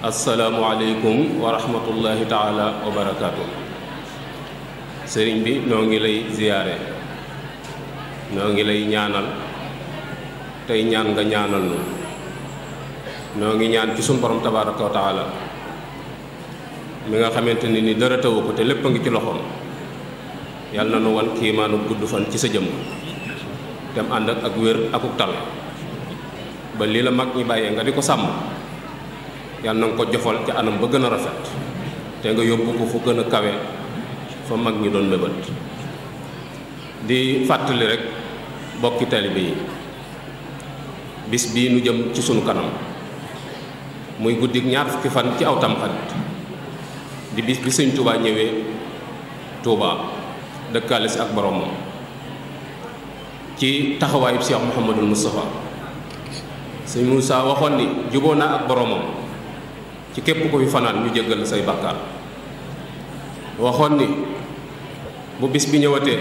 asalaamualeykum wa rahmatullahi taala wa barakaatu. sëriñ bi noo ngi lay ziyaare noo ngi lay ñaanal tey ñaan nga ñaanal nu noo ngi ñaan ci sunu borom tabaraka wa taala mi nga xamante ni ni dara tawu ko te lépp a ngi ci loxoom yàlla na nu wan kiimaanu gudd fan ci sa jëmm dem ànd ak wér akuk tal ba lii la mag ñi bàyyee nga di ko sàmm yàlla na ko jofal ci anam ba gën a rafet te nga yóbbu ko fu gën a kawe fa mag ñi doon mébét di fàttali rek bokki taalibe yi bis bii nu jëm ci sunu kanam muy guddik ñaar fukki fan ci aw tamxarit di bis bi sëñ Tuubaa ñëwee Tuubaa dëkkaale si ak boromam ci taxawaayu Cheikh Mouhamadul Moustapha sëñ Moussa waxoon ni juboo naa ak boromam ci képp kuy fanaan ñu jéggal say bàkkaar waxoon ni bu bis bi ñëwatee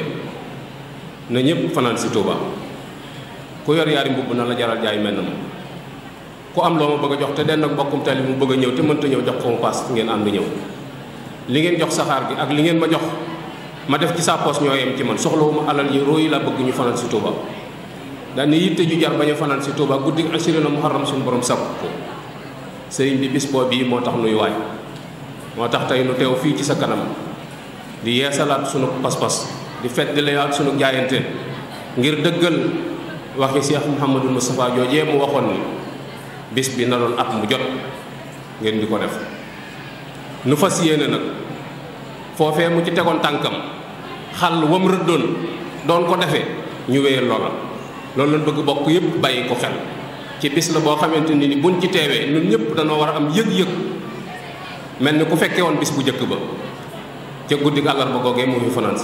na ñëpp fanaan si Touba ku yor yaari mbubb na la jaral jaay mel na ma ku am loo ma bëgg a jox te denn ak mbokkum tali mu bëgg a ñëw te mënta ñëw jox ko mu paas ngeen ànd ñëw li ngeen jox saxaar gi ak li ngeen ma jox ma def ci sa ñoo yem ci man soxlawuma alal yi rooyi la bëgg ñu fanaan si Touba daal ni yitte ju jar ba ñu fanaan si Touba guddi asiré na muharram suñu borom sàkk sëriñ bi bis bii moo tax nuy waaj moo tax tey nu teew fii ci sa kanam di yeesalaat sunu pas-pas di fedd layaat sunu jaayante ngir dëggal waxi Cheikh Mouhamadou Moustapha joojee mu waxoon ni bis bi na doon at mu jot ngeen di ko def nu fas yéene nag foofee mu ci tegoon tànkam xàll wam rëddoon doon ko defee ñu wéyal loola loolu lañ bëgg bokk yépp bàyyi ko xel ci bis la boo xamante ni buñ ci teewee ñun ñëpp dañoo war am yëg-yëg mel ni ku fekkee woon bis bu njëkk ba ca guddi àllarba googee moom ngi fanaan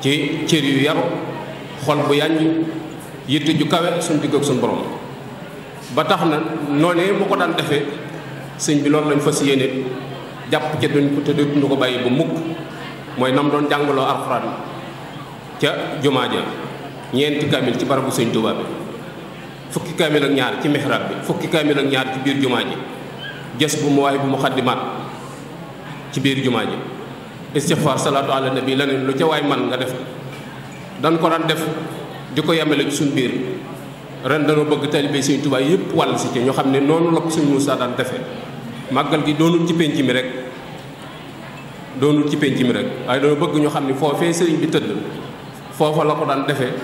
ci cër yu yaru xol bu yàññ yitte ju kawe suñ digg ak borom ba tax na noonee mu ko daan defee sëñ bi loolu lañ fas yéene jàpp ca duñ ko te duñ ko bàyyi bu mukk mooy nam doon jàngaloo alxuraan ca jumaa ja ñeenti kamil ci barabu sëñ Tuubaa fukki kaamil ak ñaar ci mihrab bi fukki kaamil ak ñaar ci biir jumaa ji ges bu mu waay bu mu xaddimaat ci biir jumaa ji istixfaar salaatu ala nabi leneen lu ca waay man nga def dan ko daan def di ko yemale ci suñ biir ren dañoo bëgg taalibe suñu tubaay yëpp wàll si ci ñoo xam ne noonu la ko suñ Muusaa daan defee màggal gi doonul ci pénc mi rek doonul ci pénc mi rek waaye dañoo bëgg ñu xam ne foofee sëriñ bi tëdd foofa la ko daan defee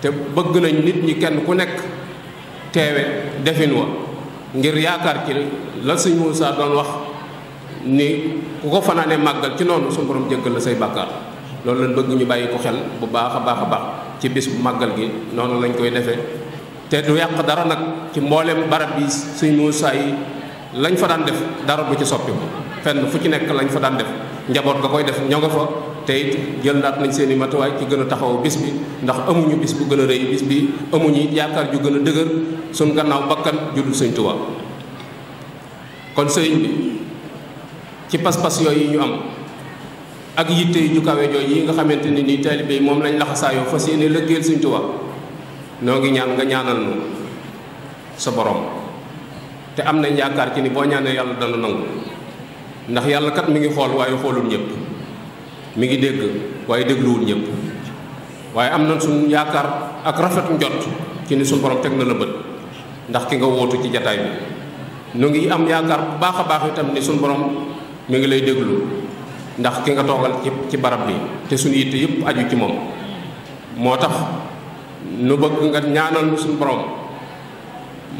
te bëgg nañ nit ñi kenn ku nekk teewe defin wa ngir yaakaar ci la suñ Moussa doon wax ni ku ko fanaane màggal ci noonu suñu borom jëggal la say bàkkaar loolu lañ bëgg ñu bàyyi ko xel bu baax a baax a baax ci bis bu màggal gi noonu lañ koy defee te du yàq dara nag ci mbooleem barab bi sëñ Moussa yi lañ fa daan def dara du ci soppi fenn fu ci nekk lañ fa daan def njaboot nga koy def ñoo nga fa te it jëlaat nañ seeni i matuwaay ci gën a taxaw bis bi ndax amuñu bis bu gën a rëy bis bi amuñu yaakaar ju gën a dëgër suñ gannaaw bakkan judul Sëñ Tuubaa kon sëriñ ci pas-pas yooyu ñu am ak yitte yu kawe jooju yi nga xamante ni nii taalibe moom lañ laxasaayoo fas yéene lëggeel Sëñ Tuubaa noo ngi ñaan nga ñaanal nu sa boroom te am nañ yaakaar ci ni boo ñaanee yàlla dana nangu ndax yàlla kat mi ngi xool waaye xoolul ñëpp mi ngi dégg waaye dégluwul ñëpp waaye am na suñu yaakaar ak rafet njot ci ni suñu borom teg na la bët ndax ki nga wootu ci jataay bi nu ngi am yaakaar bu baax a baax itam ni suñu borom mu ngi lay déglu ndax ki nga toogal ci ci barab bi te suñu yitte yëpp aju ci moom moo tax nu bëgg nga ñaanal nu suñu boroom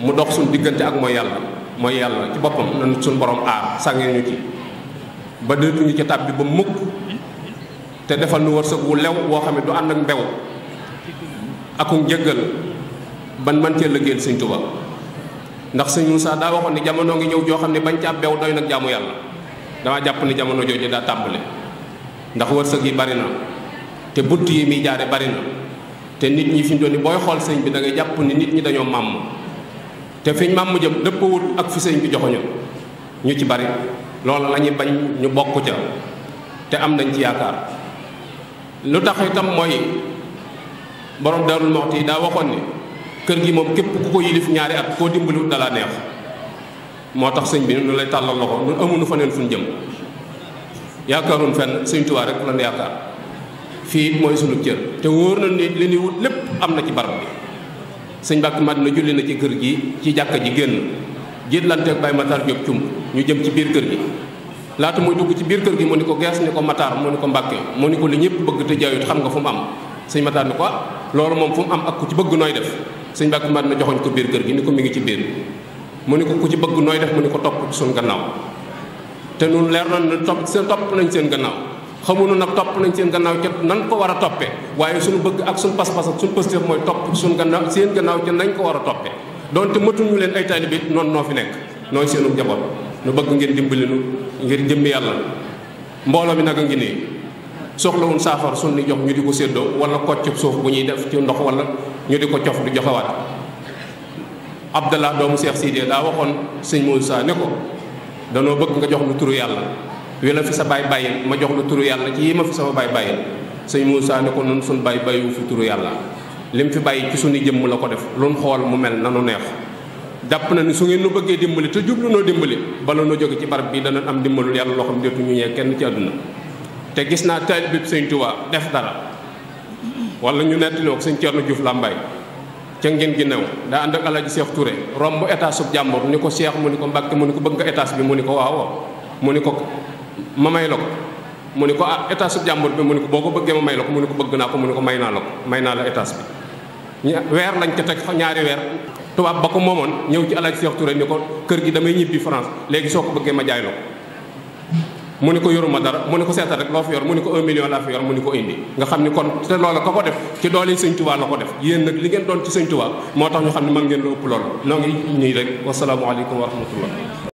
mu dox suñu diggante ak mooy yàlla mooy yàlla ci boppam na suñu borom aar sànge ñu ci ba dëtuñu ci tab bi ba mukk te defal nu wërsëg wu lew woo xam ne du ànd ak mbew aku njëggal ban man la liggéeyal sëñ Tuba ndax sëñ Moussa daa waxoon ni jamono ngi ñëw joo xam ne bañ ca doy nag jaamu yàlla damaa jàpp ni jamono jooju daa tàmbale ndax wërsëg yi bari na te bunt yi muy jaare bari na te nit ñi fi mu doon ni booy xool sëñ bi da ngay jàpp ni nit ñi dañoo màmm te fiñ màmm jëm dëppawut ak fi sëñ bi joxoñu ñu ci bari loolu lañuy bañ ñu bokk ca te am nañ ci yaakaar lu tax itam mooy boroom Daarul Muxti yi daa waxoon ni kër gi moom képp ku ko yilif ñaari at koo dimbaliwut dalaa neex moo tax sëñ bi nu lay tàllal loxo nun amuñu fa neen fu ñu jëm yaakaaroon fenn sëñ Tuubaa rek lan yaakaar fii mooy sunu cër te wóor na ni li ñuy wut lépp am na ci barab bi sëñ Mbàkke Madina julli na ci kër gi ci jàkka ji génn jiitlante ak ma Matar Diop cum ñu jëm ci biir kër gi laata muy dugg ci biir kër gi mu ni ko gees ni ko mataar mu ni ko mbàkke mu ni ko li ñëpp bëgg te jaayut xam nga fu mu am sëñ mataar ni ko ah loolu moom fu mu am ak ku ci bëgg nooy def sëñ mbàkke mat na joxoñ ko biir kër gi ni ko mi ngi ci biir mu ni ko ku ci bëgg nooy def mu ni ko topp ci suñ gannaaw te nun leer na ne topp seen topp nañ seen gannaaw xamuñu nag topp nañ seen gannaaw ca nan ko war a toppee waaye suñu bëgg ak suñu pas-pas ak suñu pëstéef mooy topp suñu gannaaw seen gannaaw ca nañ ko war a toppee donte matuñu leen ay taalibe noonu noo fi nekk nooy seenu njaboot nu bëgg ngeen dimbali nu ngir jëmmi yàlla mbooloo mi nag a ngi nii soxlawun saafar sun ni jox ñu di ko séddoo wala koccub suuf bu ñuy def ci ndox wala ñu di ko cof di joxewaat abdallah doomu seex sidee daa waxoon sëñ Moussa ne ko danoo bëgg nga jox lu turu yàlla wi la fi sa baay bàyyil ma jox lu turu yàlla ci yi ma fi sama baay bàyyil sëñ Moussa ne ko nun sun baay bàyyiwu fi turu yàlla lim fi bàyyi ci sunu jëmm la ko def lun xool mu mel na nanu neex jàpp na ni su ngeen nu bëggee dimbali te jublu noo dimbali bala noo jóge ci barab bi dana am dimbalul yàlla loo xam ne dootuñu ñee kenn ci te gis naa taalibe bi sëñ Tuubaa def dara wala ñu nettali ko sëñ Thierno Diouf Lambaye ca ngeen gi new daa ànd ak Alaaji Cheikh Touré romb étage sub jàmbur ni ko seex mu ni ko Mbàkke mu ni ko bëgg nga bi mu ni ko waaw mu ni ko ma may la ko mu ni ko ah étage sub jàmbur bi mu ni ko boo ko bëggee ma may la ko mu ni ko bëgg naa ko mu ni ko may naa la ko may naa la étage bi weer lañ ca teg ñaari weer tubaab ba ko moomoon ñëw ci alaaj Seex Touré ni ko kër gi damay ñibbi France léegi soo ko bëggee ma jaay la mu ni ko yoruma dara mu ni ko seetal rek loo fi yor mu ni ko un million laa fi yor mu ni ko indi nga xam ni kon te loola ka ko def ci doole sëñ Tuubaa la ko def yéen nag li ngeen doon ci sëñ Tuubaa moo tax ñu xam ne man ngeen lu ëpp loolu noo ngi ñuy rek wasalaamualeykum wa rahmatullah